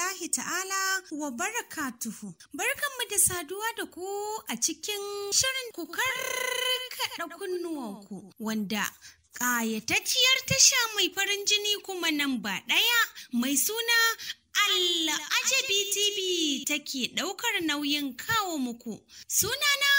lahi ta'ala wa barakatuhu. Barkanmu da saduwa da ku a cikin shirin ku karkaɗa kunnuwanku wanda ƙayatacciyar tasha mai farin jini kuma nan ba ɗaya mai suna Allah Ajabi TV take ɗaukar nauyin kawo muku. Sunana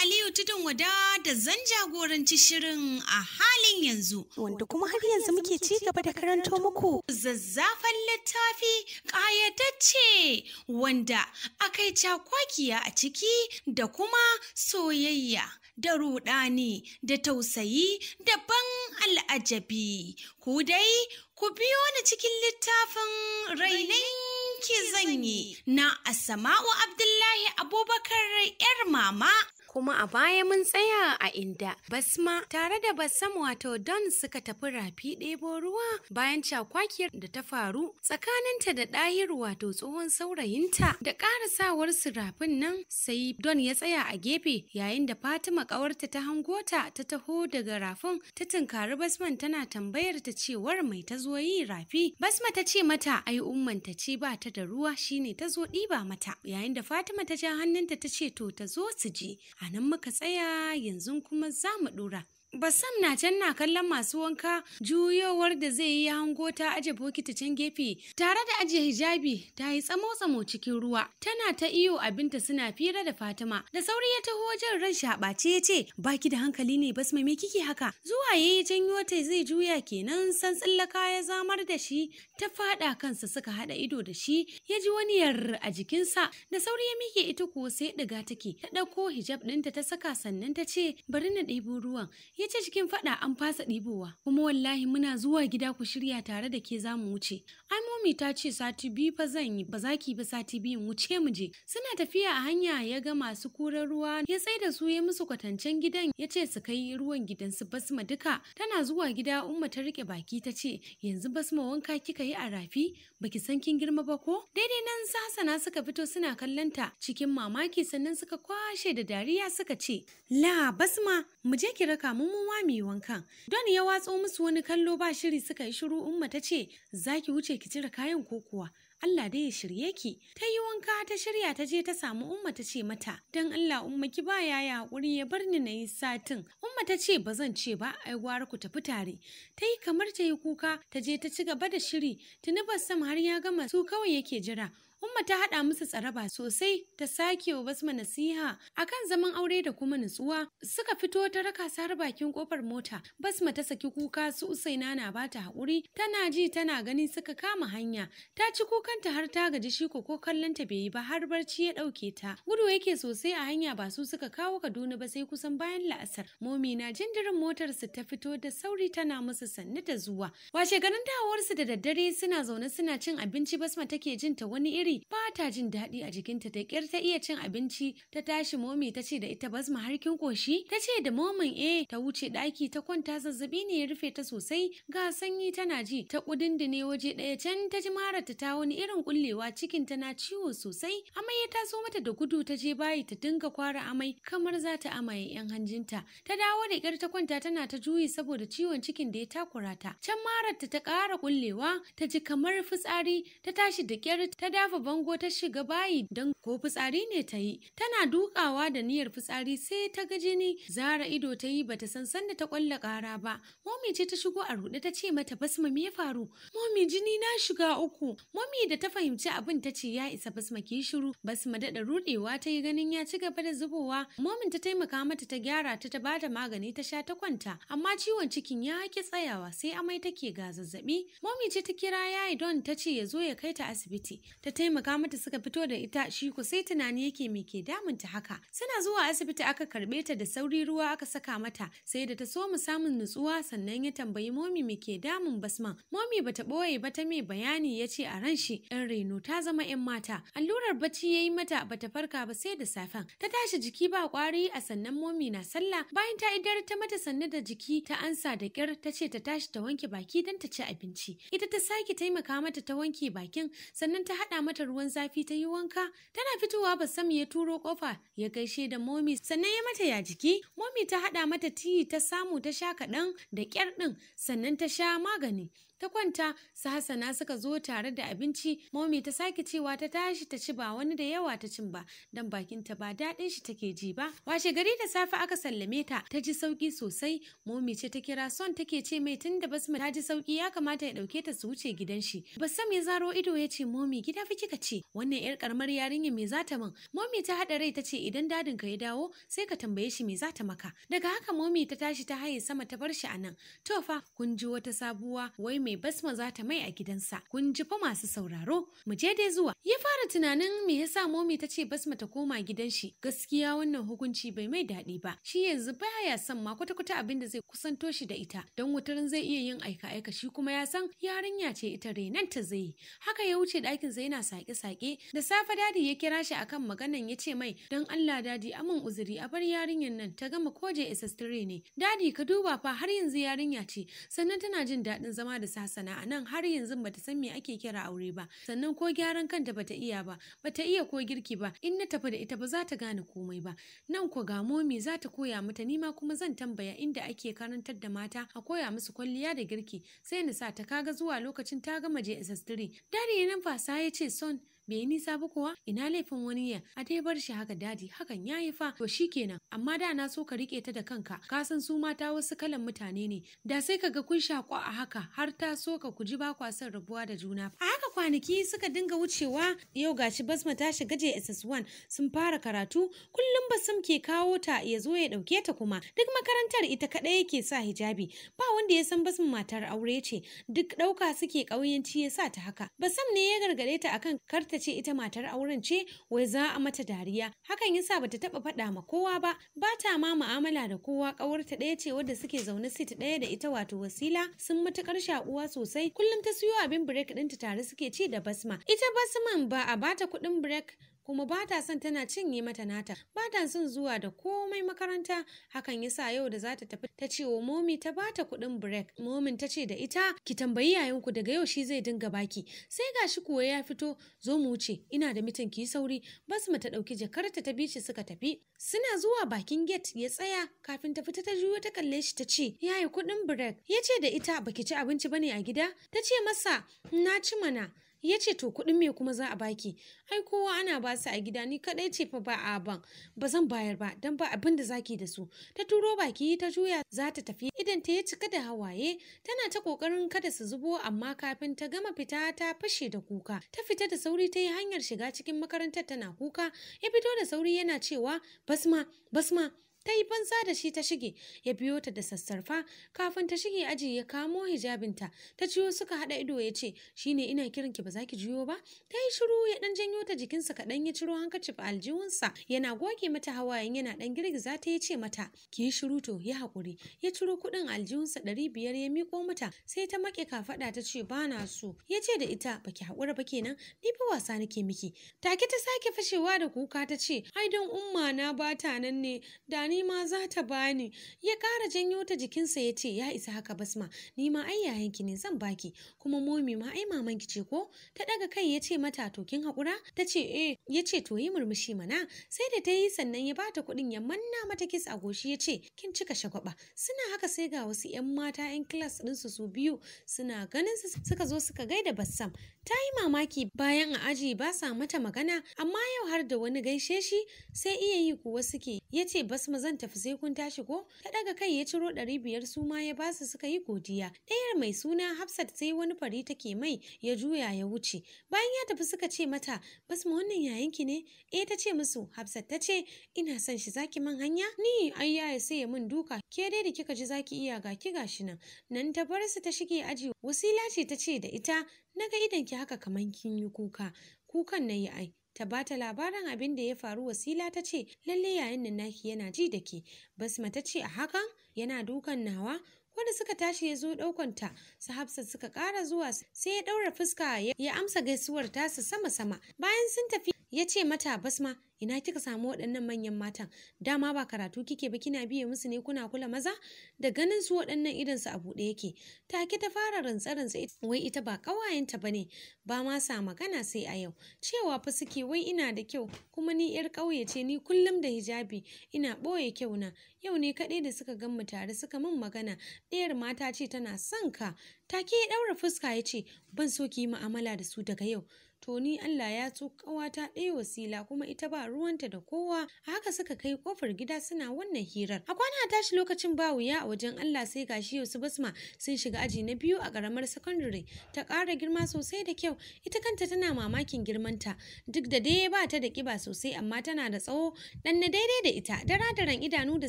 Aliyu Tudun Wada da zan jagoranci shirin a halin yanzu. Wanda kuma har yanzu muke ci gaba da karanto muku. Zazzafan littafi ƙayatacce wanda aka yi cakwakiya a ciki da kuma soyayya. Da ruɗani da tausayi da ban al'ajabi, ku dai ku biyo ni cikin littafin rainin ki zanyi na Asama'u Abdullahi Abubakar 'yar mama kuma a baya mun tsaya a inda basma tare da basam wato don suka tafi rafi ɗebo ruwa bayan cakwakiyar da ta faru tsakaninta da ɗahir wato tsohon saurayinta da ƙarasawar su rafin nan sai don ya tsaya a gefe yayin da fatima ƙawarta ta hangota ta taho daga rafin ta tunkari basman tana tambayar ta cewar mai ta zo yi rafi basma ta ce mata ai umman ta ce ba ta da ruwa shine ta zo ɗiba mata yayin da fatima ta ja hannunta ta ce to ta zo su je A nan muka tsaya yanzu kuma za mu ɗora. Bassam na can na kallon masu wanka juyowar da zai yi hango ta aje bokiti can gefe tare da aje hijabi ta yi tsamo-tsamo cikin ruwa tana ta iyo abinta suna fira da Fatima da sauri ya taho wajen ran shabace ya ce baki da hankali ne bas mai kike haka zuwa ya yi janyo ta zai juya kenan san tsallaka ya zamar da shi ta faɗa kansa suka haɗa ido da shi ya ji wani yar a jikinsa da sauri ya mike ita ko sai ɗiga take ta ɗauko hijab ɗinta ta saka sannan ta ce bari na ɗebo ruwan ya ce cikin faɗa an fasa ɗibowa kuma wallahi muna zuwa gida ku shirya tare da ke za mu wuce ai momi ta ce sati biyu fa zan yi ba za ki ba sati biyu wuce mu je suna tafiya a hanya ya ga masu kurar ruwa ya tsai da su ya musu kwatancen gidan ya ce su kai ruwan gidan su basma duka tana zuwa gida umma ta rike baki ta ce yanzu basma wanka kika yi a rafi baki san kin girma ba ko daidai nan sasana suka fito suna kallon cikin mamaki sannan suka kwashe da dariya suka ce la basma mu je ki raka mun mu mai mu wankan don ya watso musu wani kallo ba shiri suka yi shiru umma ta ce za ki wuce ki cire kayan ko kuwa Allah dai ya shirye ki ta yi wanka ta shirya ta je ta samu umma ta ce mata don Allah umma ki ba ya hakuri ya bar ni na yi satin umma ta ce ba zan ce ba ai gwara ku tafi tare ta yi kamar ta yi kuka ta je ta ci gaba da shiri tuni ba sam har ya gama su kawai yake jira Umma ta haɗa musu tsaraba sosai ta sake wa basma nasiha akan zaman aure da kuma nutsuwa suka fito ta raka su har bakin kofar mota basma ta saki kuka su usaina na bata haƙuri tana ji tana gani suka kama hanya ta ci kukanta har ta gaji shi ko kallon ta bai yi ba har barci ya ɗauke ta gudu yake sosai a hanya ba su suka kawo Kaduna ba sai kusan bayan la'asar momina jindirin motar su ta fito da sauri tana musu sanni da zuwa washe garin dawowar su da daddare suna zaune suna cin abinci basma take jin ta wani iri Mary ba ta jin daɗi a jikinta ta ƙyar ta iya cin abinci ta tashi momi ta ce da ita basma har kin koshi ta ce da momin eh ta wuce ɗaki ta kwanta zazzabi ne ya rufe ta sosai ga sanyi tana ji ta kudindine waje ɗaya can ta ji marata ta wani irin kullewa cikin tana ciwo sosai amai ya taso mata da gudu ta je bayi ta dinga kwara amai kamar za ta amaye yan hanjinta ta dawo da ƙyar ta kwanta tana ta juyi saboda ciwon cikin da ya takura ta can marata ta ƙara ƙullewa? ta ji kamar fitsari ta tashi da ƙyar ta dafa bango ta shiga bayi don ko fitsari ne ta yi tana dukawa da niyyar fitsari sai ta ga jini zara ido ta yi bata san sanda ta kwalla kara ba momi ce ta shigo a ruɗe ta ce mata basma me ya faru momi jini na shiga uku momi da ta fahimci abin ta ce ya isa basma ki shiru basma daɗa ruɗewa ta yi ganin ya ci gaba da zubowa momin ta taimaka mata ta gyara ta ta bada magani ta sha ta kwanta amma ciwon cikin ya ki tsayawa sai amai take ga zazzabi momi ce ta kira yayi don ta ce ya zo ya kai ta asibiti ta taimaka mata suka fito da ita shi ku sai tunani yake me ke damun ta haka. Suna zuwa asibiti aka karbe ta da sauri ruwa aka saka mata sai da ta so mu samun nutsuwa sannan ya tambayi momi me ke damun basman. Momi bata ɓoye ba ta me bayani ya ce a ran shi ‘yan reno ta zama ‘yan mata. Allurar bacci ya yi mata bata farka ba sai da safen. Ta tashi jiki ba kwari a sannan momi na sallah bayan ta idar ta mata sannu da jiki ta ansa da kyar ta ce ta tashi ta wanke baki don ta ci abinci. Ita ta sake taimaka mata ta wanke bakin sannan ta haɗa mata mata ruwan zafi ta yi wanka tana fitowa ba sam ya turo kofa ya gaishe da momi sannan ya mata ya jiki momi ta haɗa mata tiyi ta samu ta sha kaɗan da kyar ɗin sannan ta sha magani ta kwanta su hasana suka zo tare da abinci momi ta sake cewa ta tashi ta ci ba wani da yawa ta cin ba dan bakin ta ba daɗin shi take ji ba washe gari da safe aka sallame ta ta ji sauki sosai momi ce ta kira son take ce mai tun da basma ta ji sauki ya kamata ya ɗauke ta su wuce gidan shi basam ya zaro ido ya ce momi gida fi kika ce wannan yar karamar yarinya me zata ta min momi ta haɗa rai ta ce idan dadin ka ya dawo sai ka tambaye shi me zata maka daga haka momi ta tashi ta haye sama ta bar shi a nan to fa kun ji wata sabuwa wai me mai basma za ta mai a gidansa kun ji fa masu sauraro mu je dai zuwa ya fara tunanin me yasa momi ta ce basma ta koma gidan shi gaskiya wannan hukunci bai mai daɗi ba shi yanzu baya son ma kwata-kwata abin da zai kusanto shi da ita don wutarin zai iya yin aika-aika shi kuma ya san yarinya ce ita ta zai yi haka ya wuce ɗakinsa yana sake saƙe da safe dadi ya kira shi akan maganan ya ce mai don Allah dadi amin uzuri a bar yarinyar nan ta gama koje SS3 ne dadi ka duba fa har yanzu yarinya ce sannan tana jin daɗin zama da ta sana'a nan har yanzu bata san me ake kira aure ba sannan ko gyaran kanta bata iya ba bata iya ko girki ba in na tafi da ita ba za ta gane komai ba nan ko ga momi za ta koya mata nima kuma zan tambaya inda ake karantar da mata a koya musu kwalliya da girki sai na sa ta kaga zuwa lokacin ta gama je SS3 dare nan fasa ya ce son bai nisa ba kuwa ina laifin wani ya a dai bar shi haka dadi hakan yayi fa to shi kenan. amma da na so ka rike ta da kanka ka san su mata wasu kalan mutane ne da sai ka ga kun shaku a haka har ta so ka kuji ba kwa son rabuwa da juna a haka kwanaki suka dinga wucewa yau gashi basma ta shiga JSS1 sun fara karatu kullum basam ke kawo ta ya zo ya dauke ta kuma duk makarantar ita kadai yake sa hijabi ba wanda ya san basma matar aure ce duk dauka suke kauyanci ya sa ta haka basam ne ya gargade ta akan karta ce ita matar auren ce wai za a mata dariya hakan yasa bata taba faɗa ma kowa ba ba ta ma mu'amala da kowa ƙawarta ɗaya ce wadda suke zaune sit ɗaya da ita wato wasila sun matukar shakuwa sosai kullum ta siyo abin break ɗinta tare suke ci da basma ita basman ba a bata kuɗin break kuma ba ta son tana cinye mata nata ba ta son zuwa da komai makaranta hakan yasa yau da za ta tafi ta ce wa momi ta ba ta kuɗin break momin ta ce da ita ki tambayi yayinku daga yau shi zai dinga baki sai ga shi kuwa ya fito zo mu wuce ina da mitin ki sauri basma ta ɗauki jakarta ta bi shi suka tafi suna zuwa bakin gate ya tsaya kafin ta fita ta juyo ta kalle shi ta ce yayi kuɗin break ya ce da ita baki ci abinci bane a gida ta ce masa na ci mana ya ce to kuɗin me kuma za a baki ai kowa ana ba su a gida ni kaɗai ce fa ba a ban ba zan bayar ba don ba abin da zaki da su ta turo baki ta juya za ta tafi idan ta ya cika da hawaye tana ta ƙoƙarin kada su zubo amma kafin ta gama fita ta fashe da kuka ta fita da sauri ta yi hanyar shiga cikin makarantar tana kuka ya fito da sauri yana cewa basma basma ta yi banza da shi ta shige ya biyo ta da sassarfa kafin ta shige aji ya kamo hijabinta ta ciwo suka haɗa ido ya ce shine ina kiran ki ba za ki juyo ba ta yi shiru ya ɗan janyo ta jikinsa kaɗan ya ciro hankacif a aljihunsa yana goge mata hawayen yana ɗan girgiza ta ya ce mata ki yi shiru to ya hakuri ya ciro kuɗin aljihunsa ɗari biyar ya miko mata sai ta maƙe kafaɗa ta ce ba na so ya ce da ita baki haƙura ba kenan ni fa wasa nake miki take ta sake fashewa da kuka ta ce ai don umma na bata nan ne da ni ma za ta bani ya kara janyo ta jikinsa ya ce ya isa haka basma ni ma ai yayanki ne zan baki kuma momi ma ai mamanki ce ko ta daga kai ya ce mata to kin haƙura ta ce eh ya ce to yi murmushi mana sai da ta yi sannan ya bata kuɗin ya manna mata kis a goshi ya ce kin cika shagwaba suna haka sai ga wasu 'yan mata 'yan kilas ɗinsu su biyu suna ganin su suka zo suka gaida bassam ta yi mamaki bayan a aji ba sa mata magana amma yau har da wani gaishe shi sai iya yi kuwa suke ya ce basma zan tafi sai kun tashi ko ta daga kai ya ciro ɗari biyar su ma ya basu suka yi godiya ɗayar mai suna hafsat sai wani fari take mai ya juya ya wuce bayan ya tafi suka ce mata bas mu wannan yayanki ne eh ta ce musu hafsat ta ce ina son shi zaki man hanya ni ai yaya sai ya min duka ke dai da kika ji zaki iya ga ki gashi nan nan ta bar su ta shige aji wasila ce ta ce da ita naga idan ki haka kaman kin yi kuka kukan na yi ai ta bata labarin abin da ya faru wasila ta ce lalle yayin nan naki yana ji da ke basma ta ce a hakan yana dukan nawa wanda suka tashi ya zo ta su hafsa suka ƙara zuwa sai ya ɗaura fuska ya amsa gaisuwar tasa sama-sama bayan sun tafi ya ce mata basma ina kika samu waɗannan manyan matan dama ba karatu kike ba kina biye musu ne kuna kula maza da ganin su waɗannan idan su a buɗe yake take ta fara rantsa rantsa wai ita ba ƙawayenta ba ne ba ma sa magana sai a yau cewa fa suke wai ina da kyau kuma ni yar ƙauye ce ni kullum da hijabi ina ɓoye kyau na yau ne kaɗai da suka gan mu tare suka min magana ɗayar mata ce tana son ka take ya ɗaura fuska ya ce ban so ki yi mu'amala da su daga yau to ni Allah ya so ƙawata ɗaya wasila kuma ita ba ruwanta da kowa haka suka kai kofar gida suna wannan hirar a kwana tashi lokacin ba wuya a wajen Allah sai gashi yau su basma sun shiga aji na biyu a ƙaramar sakandare ta ƙara girma sosai da kyau ita kanta tana mamakin girmanta duk da dai ba ta da ƙiba sosai amma tana da tsawo ɗan na daidai da ita dara radaran idanu da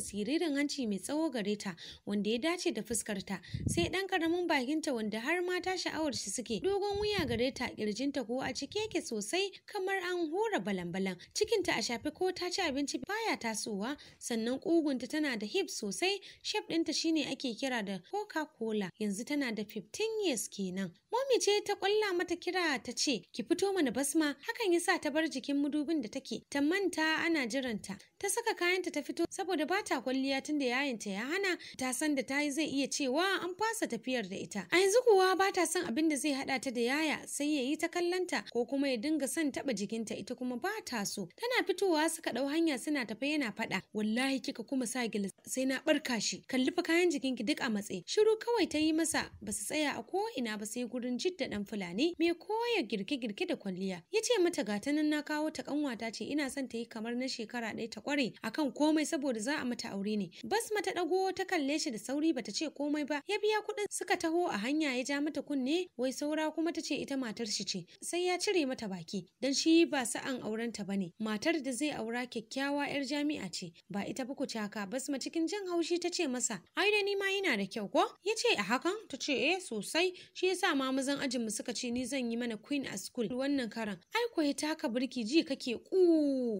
siririn hanci mai tsawo gare ta wanda ya dace da fuskarta sai ɗan ƙaramin bakinta wanda har mata sha'awar shi suke dogon wuya gare ta ƙirjinta ko a cike yake sosai kamar an hura balan-balan cikinta a shafe ko ta ci abinci baya tasowa sannan kugunta tana da hip sosai shef ɗinta shine ake kira da coca cola yanzu tana da 15 years kenan Momi ce ta kwalla mata kira ta ce, ki fito mana basma, hakan ya sa ta bar jikin mudubin da take, ta manta ana jiranta. Ta saka kayanta ta fito saboda ba ta kwalliya tunda yayinta ya hana, ta san da ta yi zai iya cewa an fasa tafiyar da ita. A yanzu kuwa ba ta son abin da zai haɗa ta da yaya sai ya yi ta kallanta ko kuma ya dinga son taɓa jikinta ita kuma ba ta so. Tana fitowa suka ɗau hanya suna tafe yana faɗa. Wallahi kika kuma sa gilas sai na barka shi. Kalli fa kayan jikinki duk a matse. Shiru kawai ta yi masa ba su tsaya a ko ina ba sai wurin jidda dan Fulani mai koya girke-girke da kwalliya. Ya ce mata ga nan na kawo ta kanwata ce ina son ta yi kamar na shekara ɗaya ta kware akan komai saboda za a mata aure ne. Bas mata ɗago ta kalle shi da sauri bata ce komai ba ya biya kuɗin suka taho a hanya ya ja mata kunne wai saura kuma ta ce ita matar shi ce sai ya cire mata baki dan shi ba sa'an aurenta bane matar da zai aura kyakkyawa yar jami'a ce ba ita ba ku Bas ma cikin jan haushi ta ce masa ai da ni ma yana da kyau ko ya ce a hakan ta ce eh sosai shi yasa ma mazan ajinmu suka ce ni zan yi mana queen a school wannan karan ai koyi taka birki ji kake ku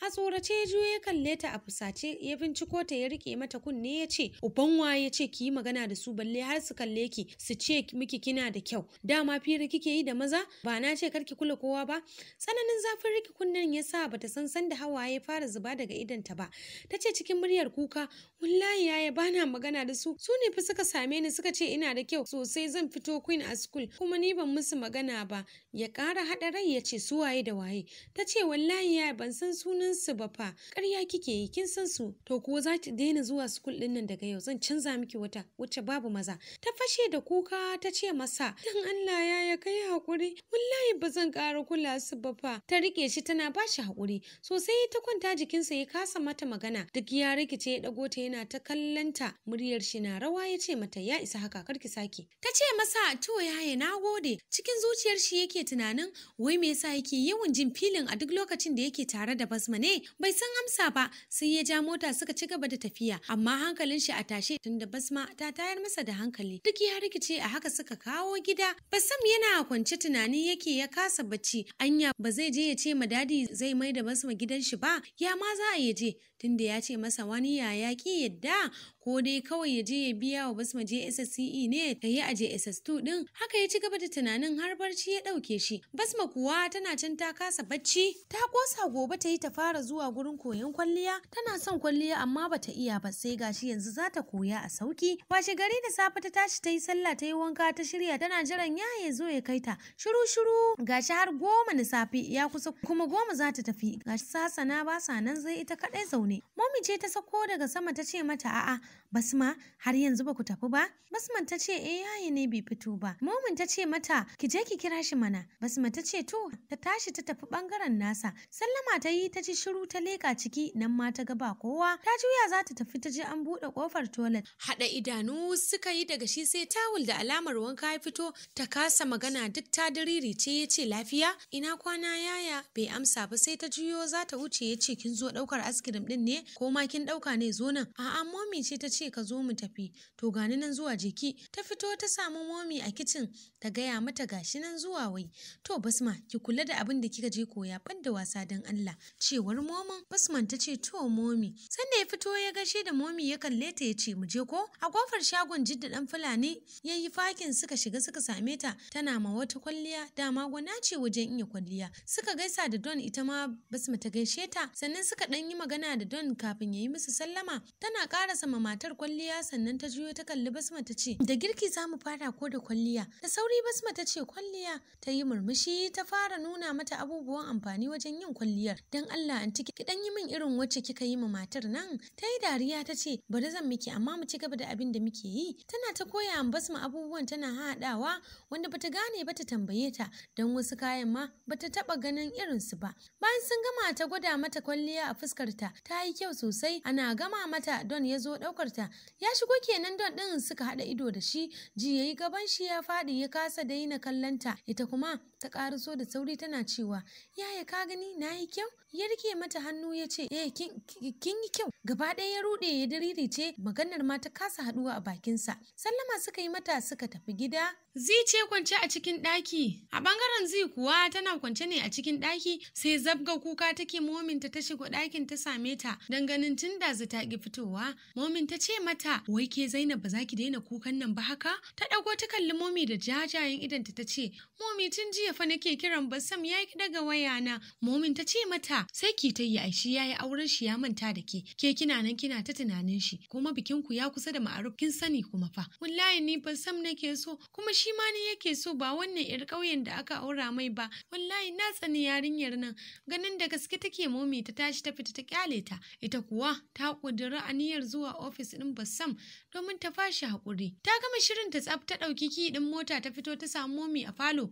a tsorace juyo ya kalle ta a fusace ya binciko ta ya rike mata kunne ya ce uban waye ce ki yi magana da su balle har su kalle ki su ce miki kina da kyau dama fira kike yi da maza ba na ce karki kula kowa ba tsananin zafin riki kunnen ya sa bata san san da hawaye fara zuba daga ta ba ta ce cikin muryar kuka wallahi yaya bana magana da su su ne fa suka same ni suka ce ina da kyau sosai zan fito queen a school kuma ni ban musu magana ba ya ƙara haɗa rai ya ce su waye da waye ta ce wallahi ya ban san sunan su ba fa ƙarya kike yi kin san su to ko za ki daina zuwa skul ɗin nan daga yau zan canza miki wata wacce babu maza ta fashe da kuka ta ce masa dan Allah ya ya kai hakuri wallahi ba zan ƙara kula su ba fa ta rike shi tana ba shi haƙuri sosai ta kwanta jikinsa ya kasa mata magana duk ya rikice ya dago ta yana ta kallanta muryar shi na rawa ya ce mata ya isa haka karki sake ta ce masa to yaya na go gode cikin zuciyar shi yake tunanin wai me yasa yake yawan jin filin a duk lokacin da yake tare da basma ne bai san amsa ba sai ya ja mota suka ci gaba da tafiya amma hankalin shi a tashe tunda basma ta tayar masa da hankali duk ya rikice a haka suka kawo gida basam yana kwance tunani yake ya kasa bacci anya ba zai je ya ce ma dadi zai mai da basma gidan shi ba ya ma za a yaje je tunda ya ce masa wani ya yaki yadda ko dai kawai ya je ya biya wa basma je SSCE ne ta yi a JSS2 din haka ya ci gaba da tunanin har barci ya ɗauke shi. Basma kuwa tana can ta kasa bacci. Ta kosa gobe ta yi ta fara zuwa gurin koyon kwalliya. Tana son kwalliya amma bata iya ba sai gashi yanzu za ta koya a sauki. Washe gari da safe ta tashi ta yi sallah ta yi wanka ta shirya tana jiran ya ya zo ya kai ta. Shiru shiru gashi har goma na safe ya kusa kuma goma za ta tafi. Gashi sasana ba sa nan zai ita kaɗai zaune. Momi ce ta sako daga sama ta ce mata a'a Basma har yanzu ba ku tafi ba? Basman ta ce eh yaye ne bai fito ba. Momin ta ce ce mata ki je ki kira shi mana basma ta ce to ta tashi ta tafi bangaren nasa sallama ta yi ta ji shiru ta leka ciki nan ma ta ga ba kowa ta juya za ta tafi ta je an buɗe kofar toilet hada idanu suka yi daga shi sai tawul da alamar wanka ya fito ta kasa magana duk ta diriri ce ya ce lafiya ina kwana yaya bai amsa ba sai ta juyo za ta wuce ya ce kin zo ɗaukar askirim ɗin ne ko ma kin ɗauka ne zo nan a'a momi ce ta ce ka zo mu tafi to gani nan zuwa jiki ta fito ta samu momi a kicin ta gaya mata gashi nan zuwa wai to basma ki kula da abin da kika je koya ban da wasa don Allah cewar momin basman ta ce to momi sannan ya fito ya gashe da momi ya kalle ta ya ce mu je ko a kofar shagon jidda dan fulani ya yi fakin suka shiga suka same ta tana ma wata kwalliya dama gwana ce wajen iya kwalliya suka gaisa da don ita ma basma ta gaishe ta sannan suka dan yi magana da don kafin ya yi musu sallama tana karasa ma matar kwalliya sannan ta juyo ta kalli basma ta ce da girki za mu fara ko da kwalliya da sauri basma ta ce kwalliya ta yi murmushi ta fara nuna mata abubuwan amfani wajen yin kwalliyar dan Allah anti ki dan yi min irin wacce kika yi ma matar nan ta yi dariya ta ce bari zan miki amma mu ci gaba da abin da muke yi tana ta koya an basma abubuwan tana haɗawa wanda bata gane ba ta tambaye ta don wasu kayan ma bata taba ganin irin su ba bayan sun gama ta gwada mata kwalliya a fuskar ta ta yi kyau sosai ana gama mata don ya zo ɗaukar ta ya shigo kenan don ɗin suka haɗa ido da shi ji yayi gaban shi ya faɗi ya kasa kasa daina kallonta ita kuma ta karaso da sauri tana cewa yaya ka gani na yi kyau ya rike mata hannu ya ce eh kin yi kyau gaba ɗaya ya ruɗe ya diririce maganar ma ta kasa haɗuwa a bakinsa sallama suka yi mata suka tafi gida Zi ce kwance a cikin ɗaki. A ɓangaren Zi kuwa tana kwance ne a cikin ɗaki sai zabga kuka take mominta ta shigo ɗakin ta same ta don ganin tun da za ta ƙi fitowa. Momin ta ce mata wai ke Zainab ba za ki daina kukan nan ba haka? Ta ɗauko ta kalli momi da jajayen idanta ta ce Momi tun jiya fa nake kiran Bassam ya ki daga waya na Momin ta ce mata sai ki ta yi ai shi yayi auren shi ya manta da ke. Ke kina nan kina ta tunanin shi kuma bikin ku ya kusa da ma'aruf kin sani kuma fa. Wallahi ni Bassam nake so kuma shi ma ni yake so ba wannan yar ƙauyen da aka aura mai ba. Wallahi na tsani yarinyar nan ganin da gaske take Momi ta tashi ta fita ta kyale ta. Ita kuwa ta ƙudiri aniyar zuwa ofis ɗin Bassam domin ta fashi hakuri Ta gama shirin ta tsaf ta ɗauki ki ɗin mota ta fito ta samu Momi a falo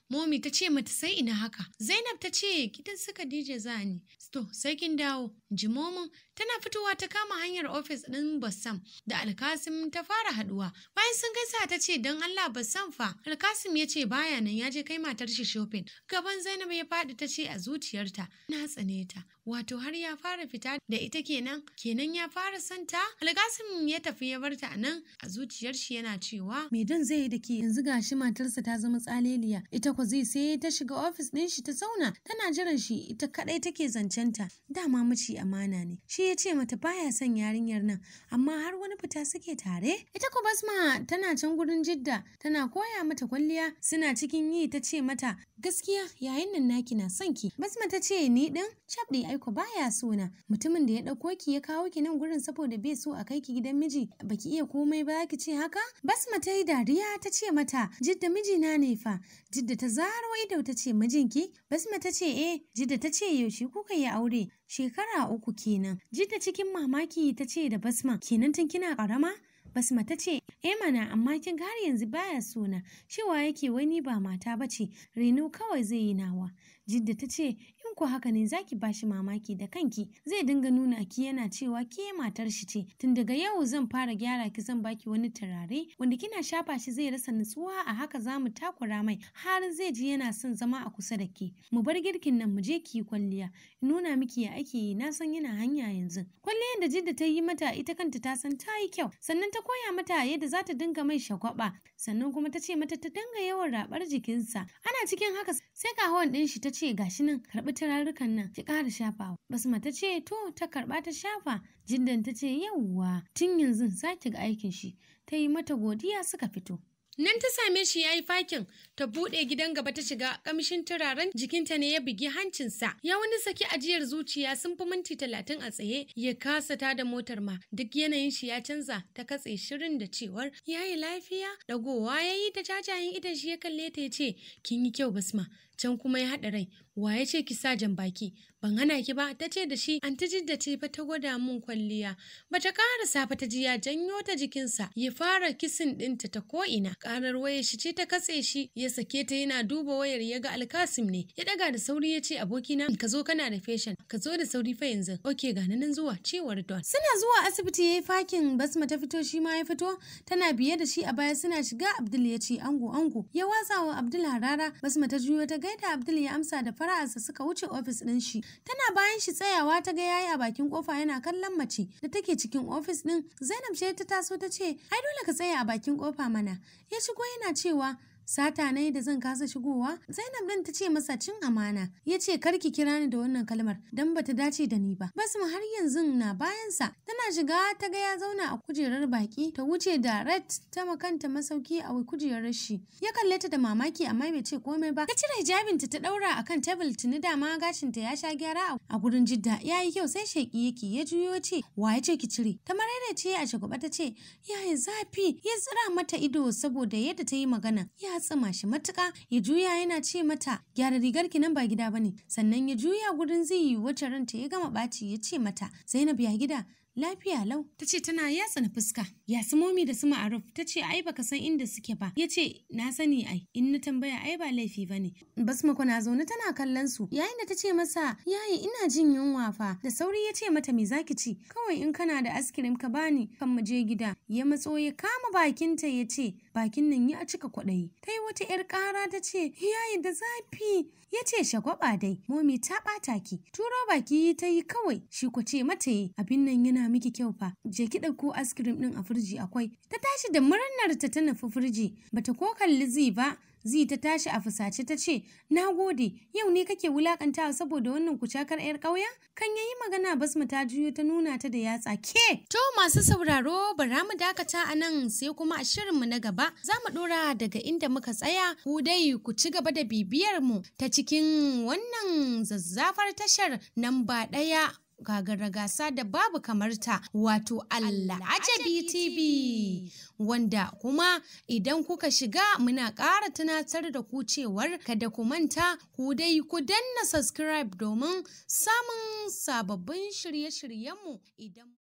Momi ta ce mata sai ina haka. Zainab ta ce gidan su Khadija za ni. To sai kin dawo. Ji momin tana fitowa ta kama hanyar ofis ɗin Bassam da Alkasim ta fara haɗuwa. Bayan sun gaisa ta ce don Allah Bassam fa. Alkasim ya ce baya nan ya je kai matar shi shopping. Gaban Zainab ya faɗi ta ce a zuciyarta na tsane ta. Wato har ya fara fita da ita kenan kenan ya fara santa. Alkasim ya tafi ya barta a nan a zuciyar shi yana cewa me dan zai yi da ke yanzu gashi matarsa ta zama tsaleliya ita zai sai ta shiga ofis ɗin shi ta zauna tana jiran shi ita kaɗai take zancenta dama mace amana ne shi ya ce mata baya son yarinyar nan amma har wani fita suke tare ita ko basma tana can gurin jidda tana koya mata kwalliya suna cikin yi ta ce mata gaskiya yayin nan naki na son ki basma ta ce ni din chabdi aiko baya so na mutumin da ya ɗauko ki ya kawo ki nan gurin saboda bai so a kai ki gidan miji baki iya komai ba ki ce haka basma ta yi dariya ta ce mata jidda mijina ne fa jidda ta zaro ido ta ce mijinki basma ta ce eh jidda ta ce yaushe kuka yi aure shekara uku kenan jidda cikin mamaki ta ce da basma kenan tun kina karama basma ta ce eh mana amma kin har yanzu baya sona cewa yake wani ba mata bace reno kawai zai yi nawa jidda ta ce ko haka ne zaki bashi mamaki da kanki zai dinga nuna ki yana cewa ke matar shi ce tun daga yau zan fara gyara ki zan baki wani turare wanda kina shafa shi zai rasa nutsuwa a haka za mu takura mai har zai ji yana son zama a kusa da ke mu bar girkin nan mu je ki kwalliya nuna miki ya ake yi na san yana hanya yanzu kwalliyar yadda jidda ta yi mata ita kanta ta san ta yi kyau sannan ta koya mata yadda za ta dinga mai shagwaba sannan kuma ta ce mata ta dinga yawan rabar jikinsa ana cikin haka sai ka hawan din shi ta ce gashi nan Karɓi turarukan nan ki ƙara shafawa basma ta ce to ta karɓa ta shafa jiddan ta ce yawwa tun yanzu za ki ga aikin shi ta yi mata godiya suka fito Nan ta same shi ya yi fakin, ta buɗe gidan gaba ta shiga ƙamshin turaren jikinta ne ya bugi hancinsa. Ya wani saki ajiyar zuciya sun fi minti talatin a tsaye ya kasa ta da motar ma. Duk yanayin shi ya canza ta katse shirin da cewar ya yi lafiya. Dagowa ya yi ta jajayen idan shi ya kalle ta ya ce kin yi kyau basma. can kuma ya haɗa rai wa ya ce ki sa jan baki ban hana ki ba ta ce da shi an ta jiddace fa ta gwada mun kwalliya ba bata karasa safe ta ji ya janyo ta jikinsa ya fara kisin ɗinta ta ko ina karar wayar shi ce ta katse shi ya sake ta yana duba wayar ya ga alkasim ne ya ɗaga da sauri ya ce abokina ka zo kana da feshin ka zo da sauri fa yanzu oke ga nan zuwa cewar don suna zuwa asibiti ya yi fakin basma ta fito shi ma ya fito tana biye da shi a baya suna shiga abdul ya ce ango ango ya watsa wa abdul harara basma ta juyo ta ga yadda Abdul ya amsa da fara'arsa suka wuce ofis ɗin shi. Tana bayan shi tsayawa ta ga yayi a bakin kofa yana kallon mace da take cikin ofis ɗin. Zainab ce ta taso ta ce, "Ai dole ka tsaya a bakin kofa mana." Ya shigo yana cewa, sata nayi da zan kasa shigowa zainab din ta ce masa cin amana ya ce ki kira ni da wannan kalmar dan bata dace da ni ba basma har yanzu na bayansa tana shiga ta ga ya zauna a kujerar baki ta wuce da red ta makanta masauki a kujerar shi ya kalle ta da mamaki amma bai ce komai ba ta cire hijabin ta daura akan table tuni dama gashinta ya sha gyara a gurin jidda yayi kyau sai sheki yake ya juyo ce wa ya ce ki cire ta marairace ce a shagwaba ta ce yayi zafi ya tsira mata ido saboda yadda ta yi magana ya tsama shi matuka ya juya yana ce mata gyara rigar ki nan ba gida bane sannan ya juya gurin zai yi wacce ranta ya gama ɓaci ya ce mata Zainab ya gida lafiya lau ta ce tana yatsa na fuska ya su momi da su ma'aruf ta ce ai baka san inda suke ba ya ce na sani ai in na tambaya ai ba laifi ba Bas ma na zaune tana kallon su yayin da ta ce masa yayi ina jin yunwa fa da sauri ya ce mata me zaki ci kawai in kana da askirim ka bani kan mu je gida ya matso ya kama bakinta ya ce bakin nan ya cika kwaɗayi ta yi wata 'yar ƙara ta ce yayi da zafi ya ce shagwaba dai momi ta ɓata ki turo baki ta yi kawai shi ku ce mata yi abin nan yana miki kyau fa je ki ɗauko askirim ɗin a firji akwai ta tashi da murnar ta tana firji bata ko kalli zi ba Zi ta tashi a fusace ta ce, Na gode, yau ne kake wulakantawa saboda wannan kucakar 'yar ƙauya? Kan yayi magana bas mu ta juyo ta nuna ta da yatsa ke. To masu sauraro bara mu dakata a nan sai kuma a shirinmu na gaba za mu ɗora daga inda muka tsaya ku dai ku ci gaba da bibiyar mu ta cikin wannan zazzafar tashar namba ɗaya gagara gasa da babu kamarta wato Allah Ajabi TV wanda kuma idan kuka shiga muna ƙara tunatar da ku cewar kada ku manta ku dai ku danna subscribe domin samun sababbin shirye-shiryenmu idan